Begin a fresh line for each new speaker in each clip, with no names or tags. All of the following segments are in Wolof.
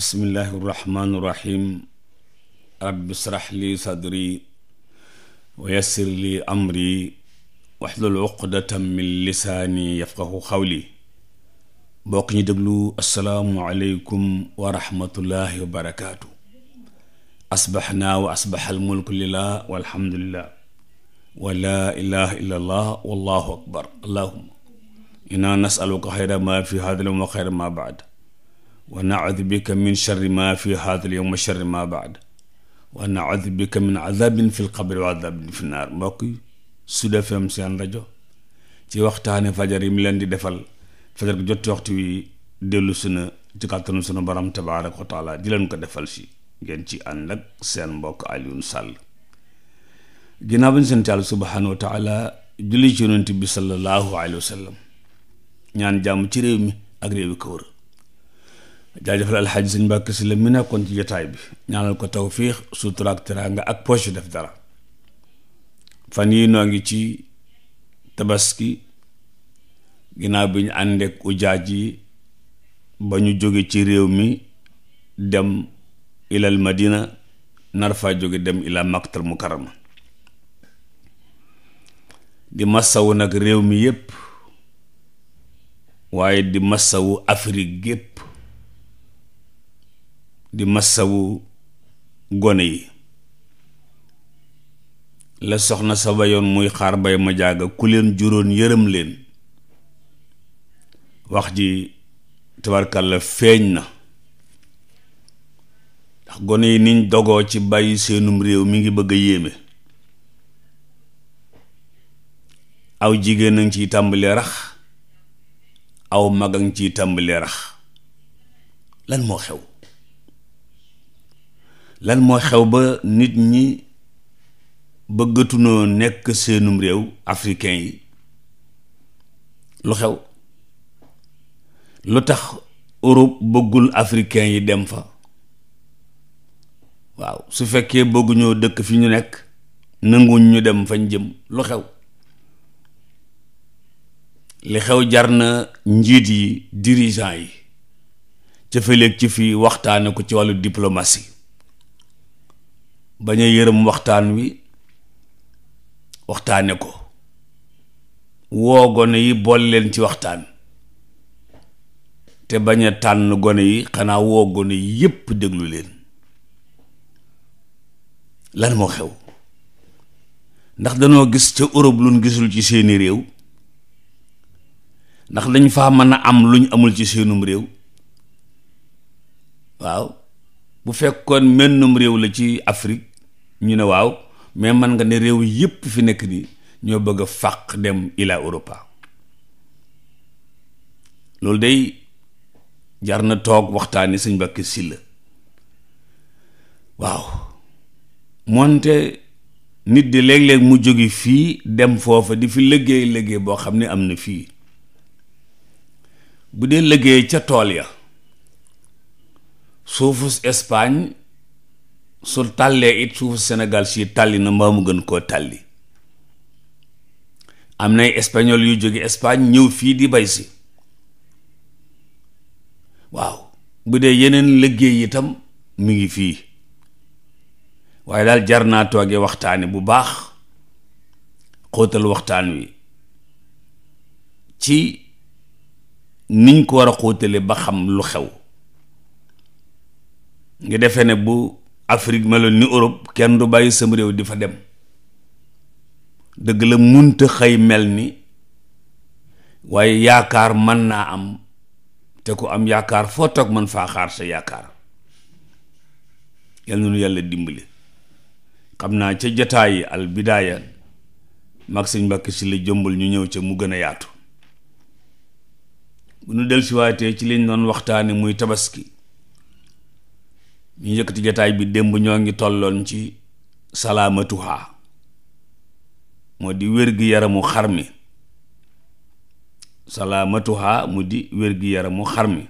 bismillahi irrahmani irrahim rabbi israh li sadri wa yassir li amri waxlul uqdatan min lisaani yafqahu xawli bokk ñu déglu asalaamualeykum wa rahmatullahi wa barakaatu asbaxnaa wa asbaxal mulku lillah walhamdulillah wa laa ilaha illa allah wallahu akbar allahuma inna nasaluka xayra ma fi hada l yawm wa xayra ma baad wa naudu bika min sharri ma fi haada al yowm wa sharri ma baad wa naudu bika min azabin fi lqabri wa azabin fi naar mbokk Sud FM seen rajo ci waxtaane fajar yi mu leen di defal fajar ko jotti waxtu wi dellu suna ci kàttanu sunu borom tabaaraka wa taala di leen ko defal si ngeen ci ànd ak seen mbokk Alioune Sall ginnaaw bañ sant Yàlla subhaanahu wa taala julli ci yonent bi sallallahu alayhi wa sallam ñaan jàmm ci réew mi ak réew yi ko wër daal defal alxaaji sëñ Mbàkke si la mi nekkoon ci jotaay bi ñaanal ko tawfiix sutura ak teraanga ak poche def dara fan yi noo ngi ci tabaski ginnaaw bi ñu àndeek ujaaj yi ba ñu jóge ci réew mi dem ilal madina nar faa jóge dem ila maktal mukarama di massawu nag réew mi yépp waaye di massawu Afrique gépp di massawu gone yi la soxna sa bayoon muy xaar bay ma jaaga ku leen juróon yërëm leen wax ji tabarkàlla feeñ na ndax gone yi niñ dogoo ci bàyyi seenum réew mi ngi bëgg a yéeme aw jigéen a ngi ciy tàmbali rax aw mag a ngi ciy tàmbali rax lan moo xew lan moo xew ba nit ñi bëggatunoo nekk seenum réew africain yi lu xew lu tax Europe bëggul africain yi dem fa waaw su fekkee bëgguñoo dëkk fi ñu nekk nanguñ ñu dem fañ jëm lu xew li xew jar na njiit yi dirigeant yi ca fëleeg ci fi waxtaane ko ci wàllu diplomatie bañ a yërëm waxtaan wi waxtaane ko woo gone yi bool leen ci waxtaan te bañ a tànn gone yi xanaa woo gone yi yépp déglu leen lan moo xew ndax danoo gis ca Europe luñ gisul ci seeni réew ndax dañ fa mën a am luñ amul ci seenum réew waaw bu fekkoon mennum réew la ci Afrique ñu ne waaw mais man nga ne réew yépp fi nekk nii ñoo bëgg a fàq dem ila Europa loolu dey jar na toog waxtaani Sëñ Mbàkke Sylla waaw moonte nit di léeg-léeg mu jóge fii dem foofa di fi liggéey liggéey boo xam ne am na fii bu dee liggéey ca tool ya suufu Espagne su tàllee it suufu senegal si tàlli na mbaa mu gën koo tàlli am nay espagnol yu jóge españ ñëw fii di bay si waaw bu dee yeneen liggéey itam mu ngi fii waaye daal jar naa tooge waxtaani bu baax xóotal waxtaan wi ci niñ ko war a xóotale ba xam lu xew nga defee ne bu Afrique meloon ni orop kenn du bàyyi sama réew di fa dem dëgg la munta xëy mel ni waaye yaakaar mën naa am te ku am yaakaar foo toog mën faa xaar sa yaakaar yal na nu yàlla dimbali xam naa ca jotaayi al bidaaya mag sëñ Mbàkke si la jëmbal ñu ñëw ca mu gën a yaatu bu nu dellusiwaatee ci liñ doon waxtaane muy tabaski ñu yëkkati jataay bi démb ñoo ngi tolloon ci salaamatuhaa moo di wér-gi-yaramu xar mi mu di wér-gi-yaramu xar mi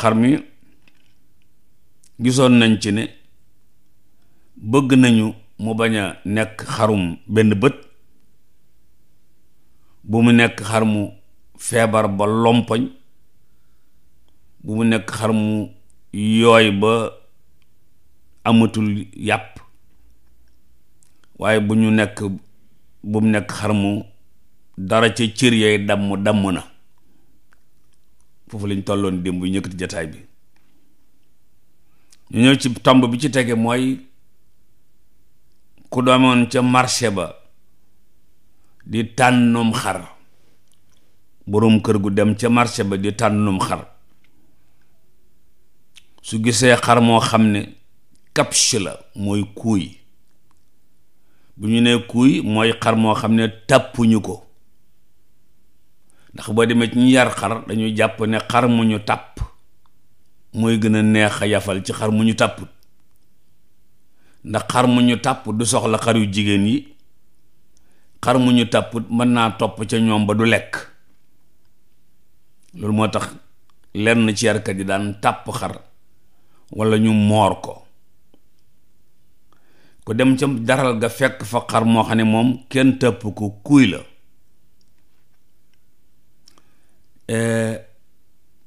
xar mi gisoon nañ ci ne bëgg nañu mu bañ a nekk xarum benn bët bu mu nekk xar mu feebar ba lompoñ bu mu nekk xar mu yooy ba amatul yàpp waaye bu ñu nekk bu mu nekk xar mu dara ca cër yooyu damm damm na foofu lañ tolloon démb bu ñëkkati jataay bi ñu ñëw ci tomb bi ci tege mooy ku doomoon ca marché ba di tànnum xar boroom kër gu dem ca marché ba di tànnum xar su gisee xar moo xam ne capche la mooy kuuy bu ñu nee kuuy mooy xar moo xam ne tàppuñu ko ndax boo demee ci ñu yar xar dañuy jàpp ne xar mu ñu tàpp mooy gën a neex a yafal ci xar mu ñu tàpp ndax xar mu ñu tàpp du soxla xar yu jigéen yi xar mu ñu tàpp mën naa topp ca ñoom ba du lekk loolu moo tax lenn ci yarkat yi daan tàpp xar walla ñu moor ko ku dem ca daral ga fekk fa xar moo xam ne moom kenn tëpp ko kuy la eh,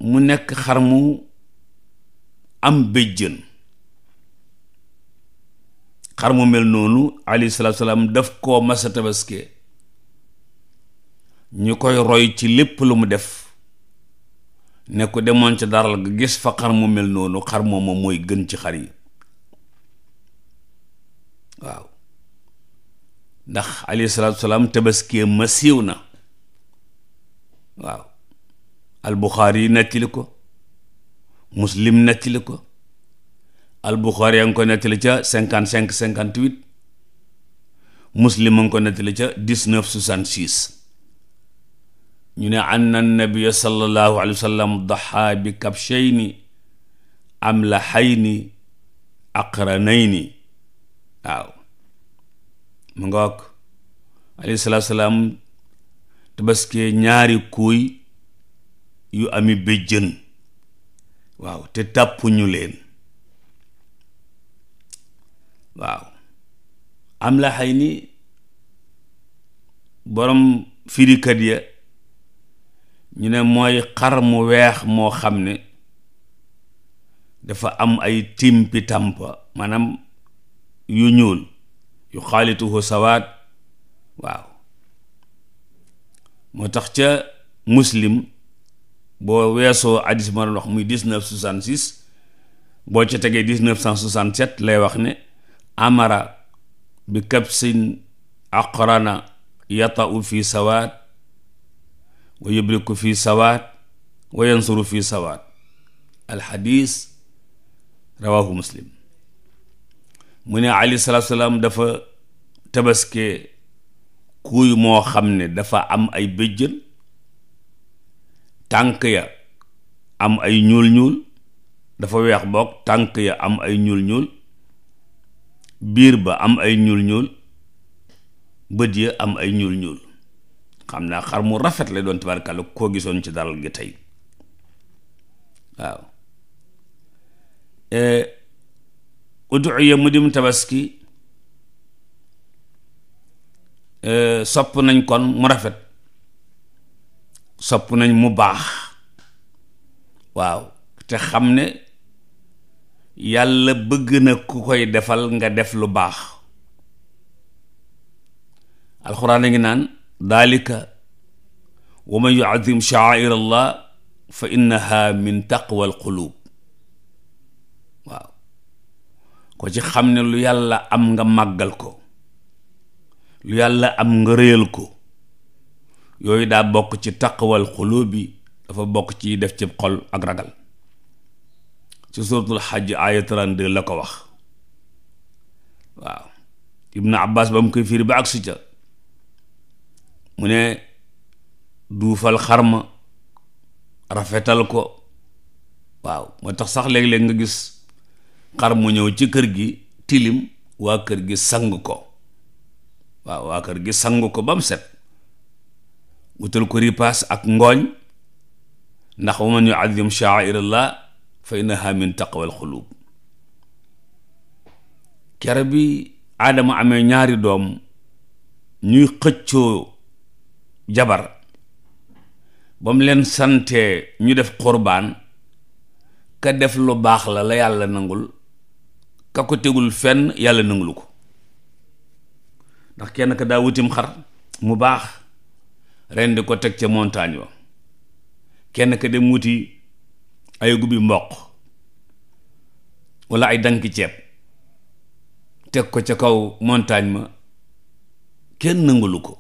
mu nekk xar mu am béjjën xar mu mel noonu alayhi salaatu salaam daf koo masa tabaske ñu koy roy ci lépp lu mu def ne ko demoon ca daral gis fa xar mu mel noonu xar moom mooy gën ci xar yi waaw ndax alayhi salaam tabaskiyam ma siiw na waaw albuxaari yi nettali ko muslim nettali ko albuxaari yaa ngi ko nettali ca cinquante cinq cinquante huit muslim a ngi ko nettali ca dix neuf six ñu ne anna annabia sallallahu alayhi wa sallam bi kabshayni am la xayni aqranayni waaw mu nga wok alayhi ñaari kuuy yu ami béjjën waaw te tàppuñu leen am la xayni borom firikat ya ñu ne mooy xar mu weex moo xam ne dafa am ay timpi tàmpa maanaam yu ñuul yu xaalituhu sawaat waaw moo tax ca muslim boo weesoo addis ma doon wax muy dix soixante-six boo ca tegee dix-neuf cent soixante-sept lay wax ne amara bi kabsin aqrana yata'u fi sawaat wa yubriku fi sawaat wa yansuru fi sawaat alxadis rawahu muslim mu ne ali salaatu salaam dafa tabaske kuuy moo xam ne dafa am ay bëjjën tànk ya am ay ñuul-ñuul dafa weex boog tànk ya am ay ñuul-ñuul biir ba am ay ñuul-ñuul bët ya am ay ñuul-ñuul xam naa xar mu rafet lay doon tabarkàlla koo gisoon ci daral gi tey waaw eh, uduya mu dim tabaski eh, sopp nañ kon mu rafet sopp nañ mu baax waaw te xam ne yàlla bëgg na ku koy defal nga def lu baax alxuraan a ngi naan dalika wa man yuazim shaair allah fa innaha min taqwa al qulub ko ci xam ne lu yàlla am nga màggal ko lu yàlla am nga réyal ko yooyu daa bokk ci taqwal xuluub bi dafa bokk ci def ci xol ak ragal ci suratul xajj aaya 32 la ko wax waaw ibnu abbas ba mu koy fiir ba ak si ca mu ne duufal xarma rafetal ko waaw moo tax sax léeg-léeg nga gis xar mu ñëw ci kër gi tilim waa kër gi sang ko waaw waa kër gi sang ko ba mu set wutal ko ripaas ak ngooñ ndax wa man yuazim sha'airallah fa innaha min taqwal xulub kere bi aadama amee ñaari doom ñuy xëccoo jabar ba mu leen sante ñu def qurbaan ka def lu baax la la yàlla nangul ka ko tegul fenn yàlla nangulu ko ndax kenn ka daa wutim xar mu baax rendi ko teg ca montagne wa kenn ka dem wuti ay gubbi mboq walla ay danki ceeb teg ko ca kaw montagne ma kenn nangulu ko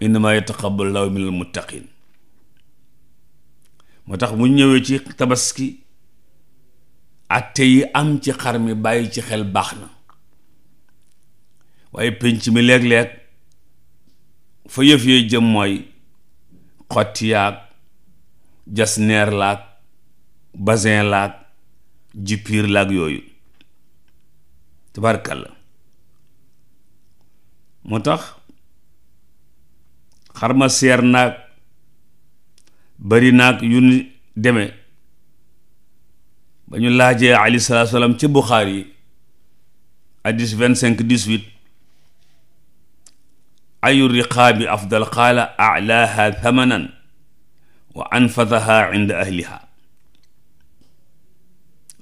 innama yataqabbalu llaahu minal muttaqiin moo tax mu ñëwee ci tabaski atte yi am ci xar mi bàyyi ci xel baax na waaye pénc mi léeg-léeg fa yëf yee jëm mooy xotti yaag jasneer laag basin laag jippiir laag yooyu tabarkalla moo tax xarma seer naag bari naag yu ni deme ba ñu laajee aleyhi salaatu ci Buxaari yi hadis vingt cinq dix-huit ayu riqaabi afdal qaala alaaha thamanan wa anfadaha inda ahliha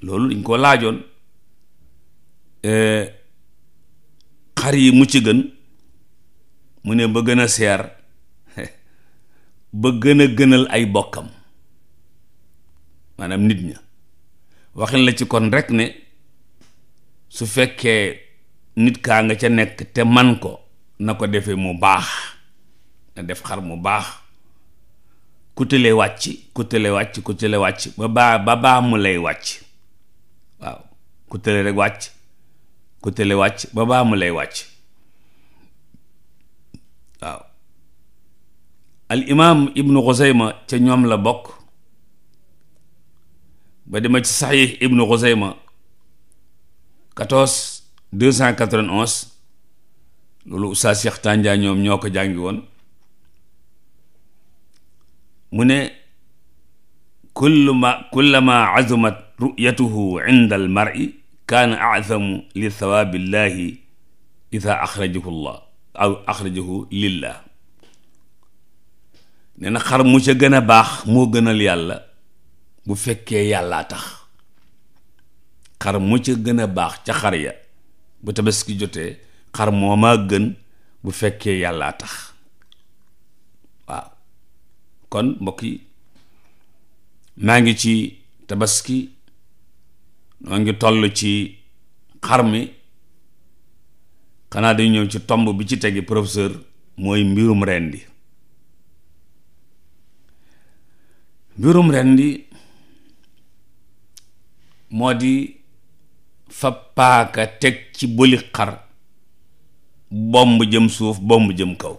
loolu dañ ko laajoon eh, xar yi mu ci gën mu ne ba gën a seer ba gën a gënal ay bokkam maanaam nit ña waxin la ci kon rek ne su fekkee nit kaa nga ca nekk te man ko na ko defee mu baax na def xar mu baax ku tële wàcc ku tële wàcc ku tële wàcc ba baa ba baa mu lay wàcc waaw ku tële rek wàcc ku tële wàcc ba baa mu lay wàcc al imaam ibnu xusayma ca ñoom la bokk ba dema ci saxiix ibnu xusayma 14 291 loolu Oustaz Cheikh Tanja ñoom ñoo ko jàngi woon mu ne kulluma kullama azumat ru'yatuhu inda al mar'i kaana azamu li thawaabi llahi ida axrajahu llah aw axrajahu lillah nee na xar mu ca gën a baax moo gënal yàlla bu fekkee yàlla tax xar mu ca gën a baax ca xar ya bu tabaski jotee xar moo maa gën bu fekkee yàllaa tax waaw kon mbokk yi maa ngi ci tabaski maa ngi toll ci xar mi xanaa dañu ñëw ci tomb bi ci tegi professeur mooy mbirum rendi mbirum ren li moo di fa paaka teg ci bëli xar bomb jëm suuf bomb jëm kaw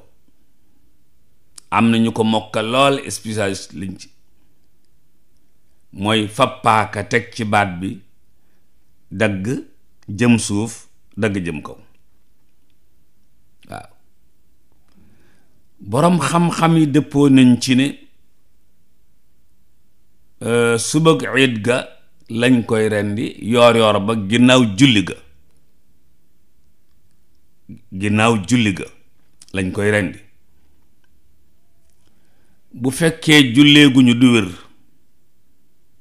am na ñu ko mokka lool spécialiste lañ ci mooy fa teg ci baat bi dagg jëm suuf dagg jëm kaw waaw boroom xam-xam yi dëppoo nañ ci ne Euh, subag iid ga lañ koy rendi yoor yoor ba ginnaaw julli ga ginnaaw julli ga lañ koy rendi bu fekkee julleeguñu du wér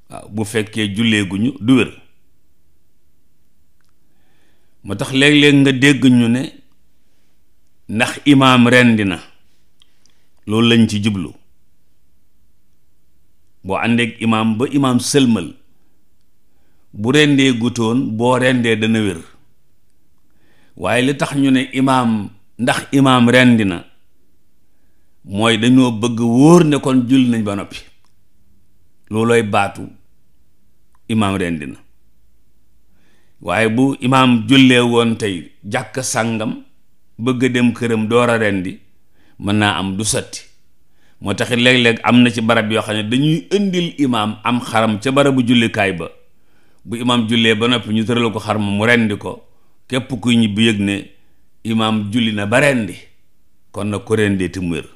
waaw bu fekkee julleeguñu du wér moo tax léeg-léeg nga dégg ñu ne ndax imaam rendi na loolu lañ ci jublu boo àndeek imaam ba imaam sëlmal bu rendee gutoon boo rendee dana wér waaye li tax ñu ne imaam ndax imaam rendi na mooy dañoo bëgg wóor ne kon julli nañ ba noppi loolooy baatu imaam rendi na waaye bu imaam jullee woon tey jàkk sàngam bëgg dem këram door a rendi mën naa am du sotti moo taxit léeg-léeg am na ci barab yoo xam ne dañuy indil imaam am xaram ca barabu jullikaay ba bu imaam jullee ba noppi ñu tëral ko xar ma mu rendi ko képp kuy ñibbi yëg ne imaam julli na ba rendi kon nag ko rendee ti wér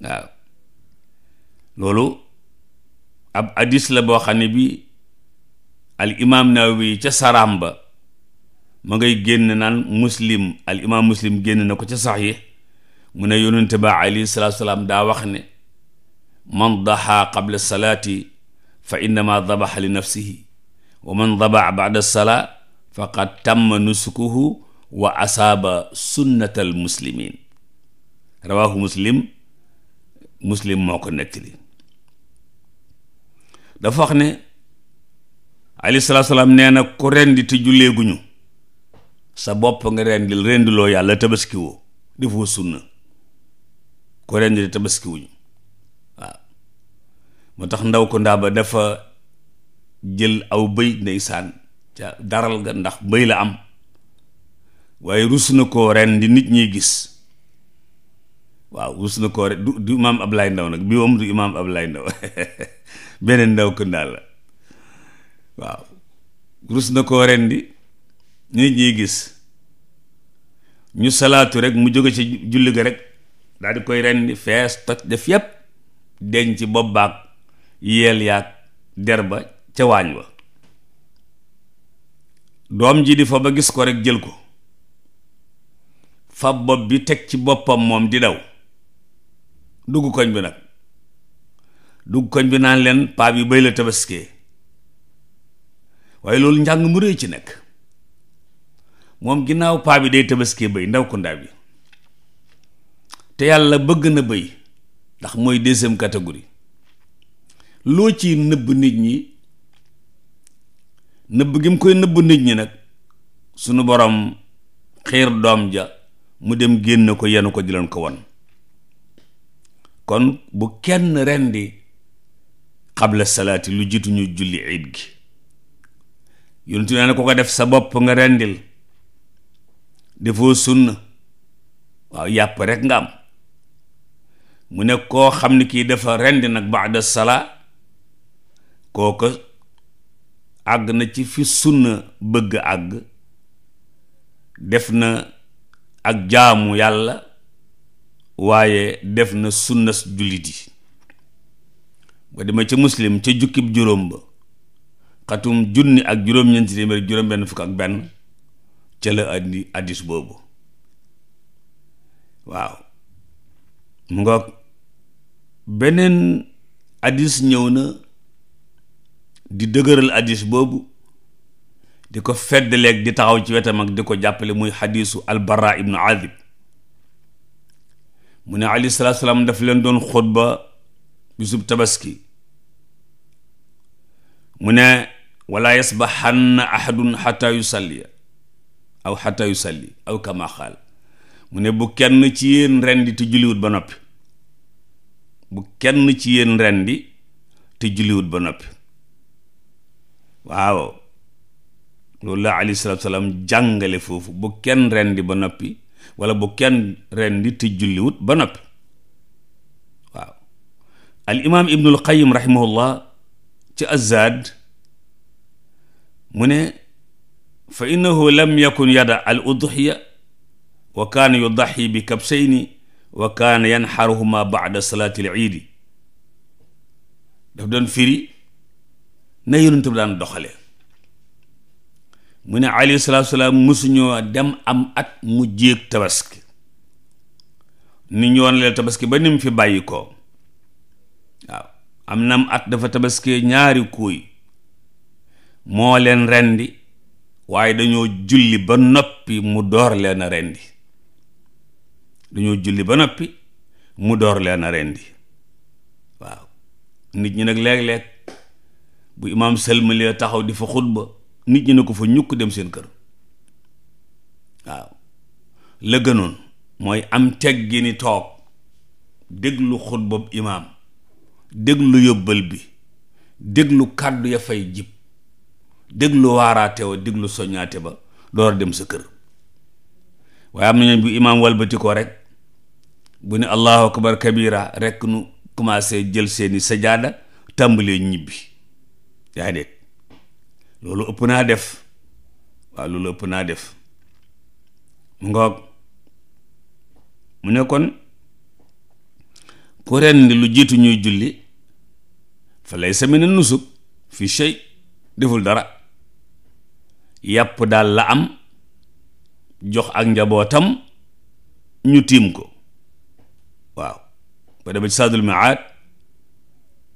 waaw loolu ab hadis la boo xam ne bi al imaam Nawawi ca saraam ba ma ngay génn naan muslim al imaam muslim génn na ko ca sax yi mu ne yonente ba alayhi salaam daa wax ne man daxa qabla salaati fa innama dabaxa li nafsihi wa man dabax bada salaa faqad tamma nusukuhu wa asaaba sunnatal muslimin rawaahu muslim muslim moo ko nettali dafa ne alayhi salaatu salaam nee na ku rendi te julleeguñu sa bopp nga rendil rendiloo yàlla tabaski woo sunna ko ren di tabaski waaw moo tax ndaw ko ndaa ba dafa jël aw bëy ndeysaan ca daral nga ndax bëy la am waaye rus na koo ren nit ñiy gis waaw rus na koo ren du du imaam Ndaw nag bi moom du imaam Ablaye Ndaw beneen ko ndaa la waaw na koo ren di nit ñiy gis ñu salaatu rek mu jóge ci julli ga rek daal di koy rendi fees toj def yépp denc ci bopp baag yeel yaag der ba ca waañ wa doom ji di fa ba gis ko rek jël ko fab bopp bi teg ci boppam moom di daw dugg koñ bi nag dugg koñ bi naan leen paa bi bay la tabaskee waaye loolu njàng mu rëy ci nekk moom ginnaaw paa bi day tabaskee bay ndaw ko ndaa bi te yàlla bëgg na bëy ndax mooy deuxième catégorie loo ci nëbb nit ñi nëbb gi mu koy nëbb nit ñi nag sunu borom xiir doom ja mu dem génn ko yenu ko di leen ko won kon bu kenn rendi xabla salaati lu jiitu julli iid gi yonentu nee na ko ko def sa bopp nga rendil defoo sunn waaw yàpp rek nga am mu ne koo xam ne kii dafa rend nag baada salaa kooko àgg na ci fi sunna bëgg àgg def na ak jaamu yàlla waaye def na sunna jullit yi ba dema ca muslim ca jukkib juróom ba xatum junni ak juróom-ñeenti téeméer juróom benn fukk ak benn ca la andi addis boobu waaw mu nga beneen addis ñëw na di dëgëral addis boobu di ko feddleeg di taxaw ci wetam ak di ko jàppale muy xadisu albara ibnu azib mu ne alei salatu salaam daf leen doon xutba bisub tabaski mu ne wala yasbaxanna ahadun xata yusalli aw xata yusalli aw kama xaal mu ne bu kenn ci yéen ren di te julliwut ba noppi bu kenn ci yéen rendi te julliwut ba noppi waaw loolu la alayhi salaatu salaam jàngale foofu bu kenn rendi ba noppi wala bu kenn rendi te julliwut ba noppi waaw al imaam ibnul qayyim rahimahullah ci azad mu ne fa innahu lam yakun yada al udhiya wa kaana bi kabsayni wa kaana yanxaruhuma baada salaati al iidi daf doon firi na yonent bi daan doxale mu ne alayhi salaatu salaam musuñoo dem am at mu jéeg tabaski ni ñu woon leen tabaski ba ni mu fi bàyyi ko am nam at dafa tabaski ñaari kuuy moo leen rendi waaye dañoo julli ba noppi mu door leen a rendi dañoo julli ba noppi mu door leen a rendi waaw nit ñi nag léeg-léeg bu imaam sëlmalee taxaw di fa xutba nit ñi ne ko fa ñukk dem seen kër waaw la gënoon mooy am teggi ni toog déglu xutbab imaam déglu yóbbal bi déglu kàddu ya fay jib déglu waaraate wa déglu soññaate ba door dem sa kër waaye am nañu bu imaam walbati ko rek bu ne allahu akbar kabira rekk nu commencé jël seeni sajaada tàmbalee ñibbi yaa dégg loolu ëpp naa def waaw loolu ëpp naa def mu ngoog mu ne kon ku ren lu jiitu ñuy julli fa lay semine nusuk fi shay deful dara yàpp daal la am jox ak njabootam ñu tiim ko ba demee ci Saadul Maad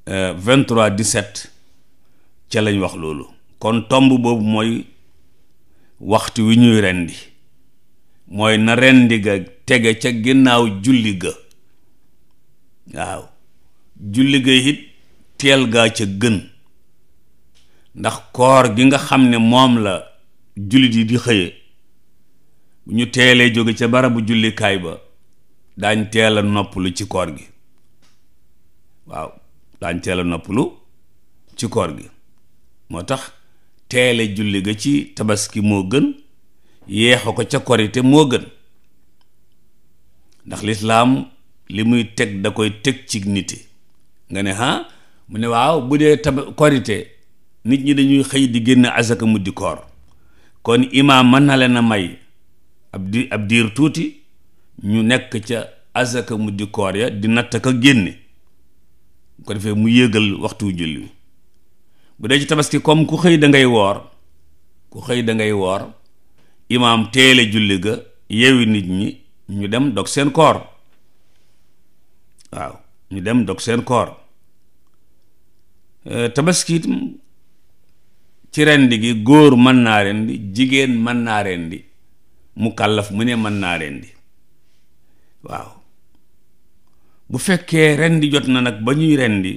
euh, ca lañ wax loolu kon tomb boobu mooy waxtu wi ñuy rendi mooy na rendi ga tege ca ginnaaw julli ga waaw julli ga it teel gaa ca gën ndax koor gi nga xam ne moom la jullit yi di xëye ñu teelee jóge ca barabu jullikaay ba daañ teela a noppalu ci koor gi waaw daañ teel a noppalu ci koor gi moo tax teele julli ga ci tabaski moo gën yeexa ko ca korite moo gën ndax lislaam li muy teg da koy teg ci nite nga ne ha mu ne waaw bu dee tab korite nit ñi dañuy xëy di génn asaka muddi koor kon imaam mën na leen a may ab diir tuuti ñu nekk ca asaka muddi koor ya di natt ka génne bu ko defee mu yéegal waxtu julli bu dee ci tabaski comme ku xëy dangay ngay woor ku xëy dangay ngay woor imaam teele julli ga yeewi nit ñi ñu dem dog seen koor waaw ñu dem dog seen koor euh, tabaski ci rend gi góor mën naa rendi jigéen mën naa rendi mu kàllaf mu ne mën naa rendi waaw bu fekkee rendi jot na nag ba ñuy rendi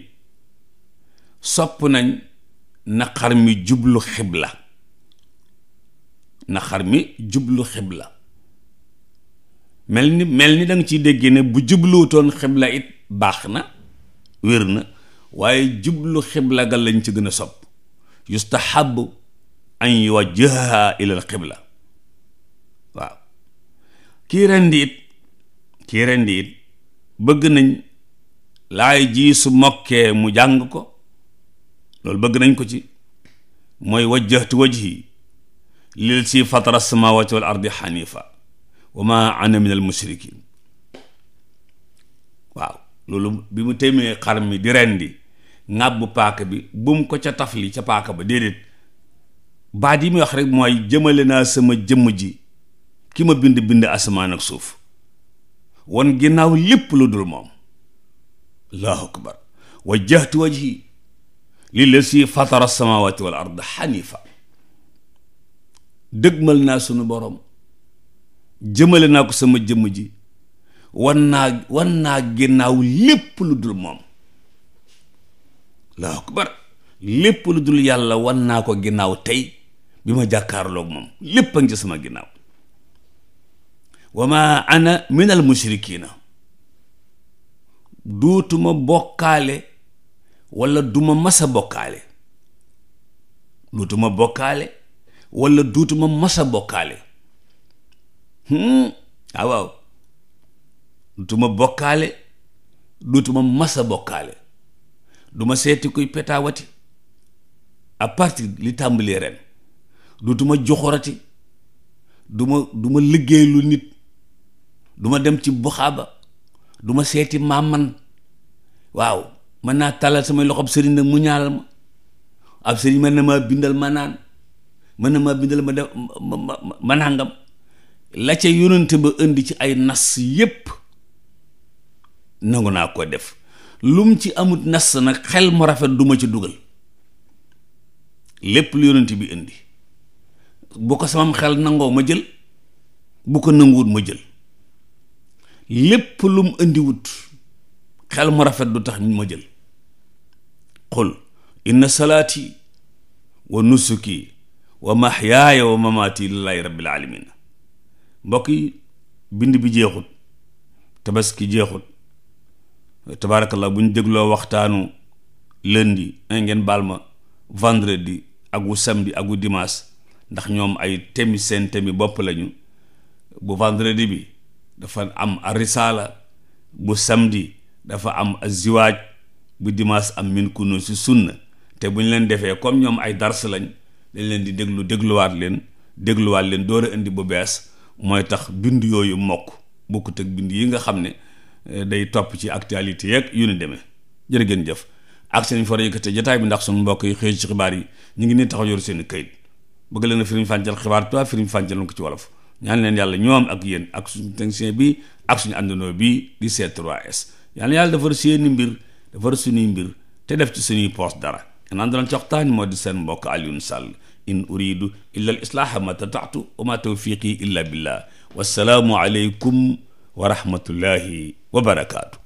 sopp nañ na xar mi jublu xibla na xar mi jublu xibla mel ni mel ni danga ciy déggee ne bu jubluwutoon xibla it baax na wér na waaye jublu xibla ga lañ ci gën a sopp yustahabu an yuwajjihaha ilal xibla waaw kii rendi it kii rendi it bëgg nañ laay ji su mokkee mu jàng ko loolu bëgg nañ ko ci mooy wajjahtu wajhi lil si fatara samawati wal ardi xanifa waaw loolu bi mu téemee xar mi di rendi ŋàbbu paaka bi bum ko ca tafli ca paaka ba déedéet baat yi muy wax rek mooy jëmale naa sama jëmm ji ki ma bind bind asamaan ak suuf won ginnaaw lépp lu dul moom allahu akbar li wajhi lillazi fatara samawati wal ard xanifa dëgmal naa sunu borom jëmale naa ko sama jëmm ji wan naa wan naa ginnaaw lépp lu dul moom allahu akbar lépp lu dul yàlla wan naa ko ginaaw tey bi ma jàkkaarloog moom lépp a ngi ci sama ginaaw wa ma ana minal mushrikina duutuma bokkaale walla duma duutuma walla duutuma masa bokkaale hmm ah, waaw duutuma bokkaale duutuma masa duma seeti kuy petaawati à partir li tàmbalee ren duutuma joxorati duma duma liggéey lu nit duma dem ci buxaaba duma ma seeti maaman waaw mën naa talal samay loxob sëriñ nag mu ñaanal ma ab sëriñ mën na maa bindal ma naan mën na maa bindal ma def ma la ca yónnante ba indi ci ay nas yépp nangu naa ko def lum ci amut nas nag xel mu rafet duma ci dugal lépp lu yónnante bi indi bu ko samam xel nangoo ma jël bu ko nanguwut ma jël lépp lum indiwut xel mu rafet du tax ñu ma jël qul inna salaati wa nusuki wa mahyaaya wa mamaati lillahi rabbil alamin mbokk yi bind bi jeexut tabaski jeexut tabaarakallah bu ñu dégloo waxtaanu lëndi ay eh, ngeen baal ma vendredi ak wu samedi ak wu dimanche ndax ñoom ay temi seen temi bopp lañu bu vendredi bi dafa am arisaala bu samedi dafa am aziwaaj bu dimanche am min kunu si sunna te bu ñu leen defee comme ñoom ay dars lañ dañ leen di déglu dégluwaat leen dégluwaat leen door a indi bu bees mooy tax bind yooyu mokk bokkut ak bind yi nga xam ne eh, day topp ci actualité yeeg yu ni demee jër geen jëf ak seen for yëkkate jotaay bi ndax suñu mbokk yi xëy ci xibaar yi ñu ngi nee taxaw yor seen i këyit bëgg leen a firim fàncal xibaar tubaab firim fàncal ko ci wolof ñaan leen yàlla ñoom ak yéen ak suñu technicien bi ak suñu àndandoo bi di C3S yàlla yàlla defar seeni mbir defar suñuy mbir te def ci suñuy poos dara en àndoon ci waxtaan moo di seen mbokk yu Sall in uridu illa al islaaha ma tataatu wa ma tawfiqi illa billah wassalaamu salaam wa rahmatullahi wa barakaatu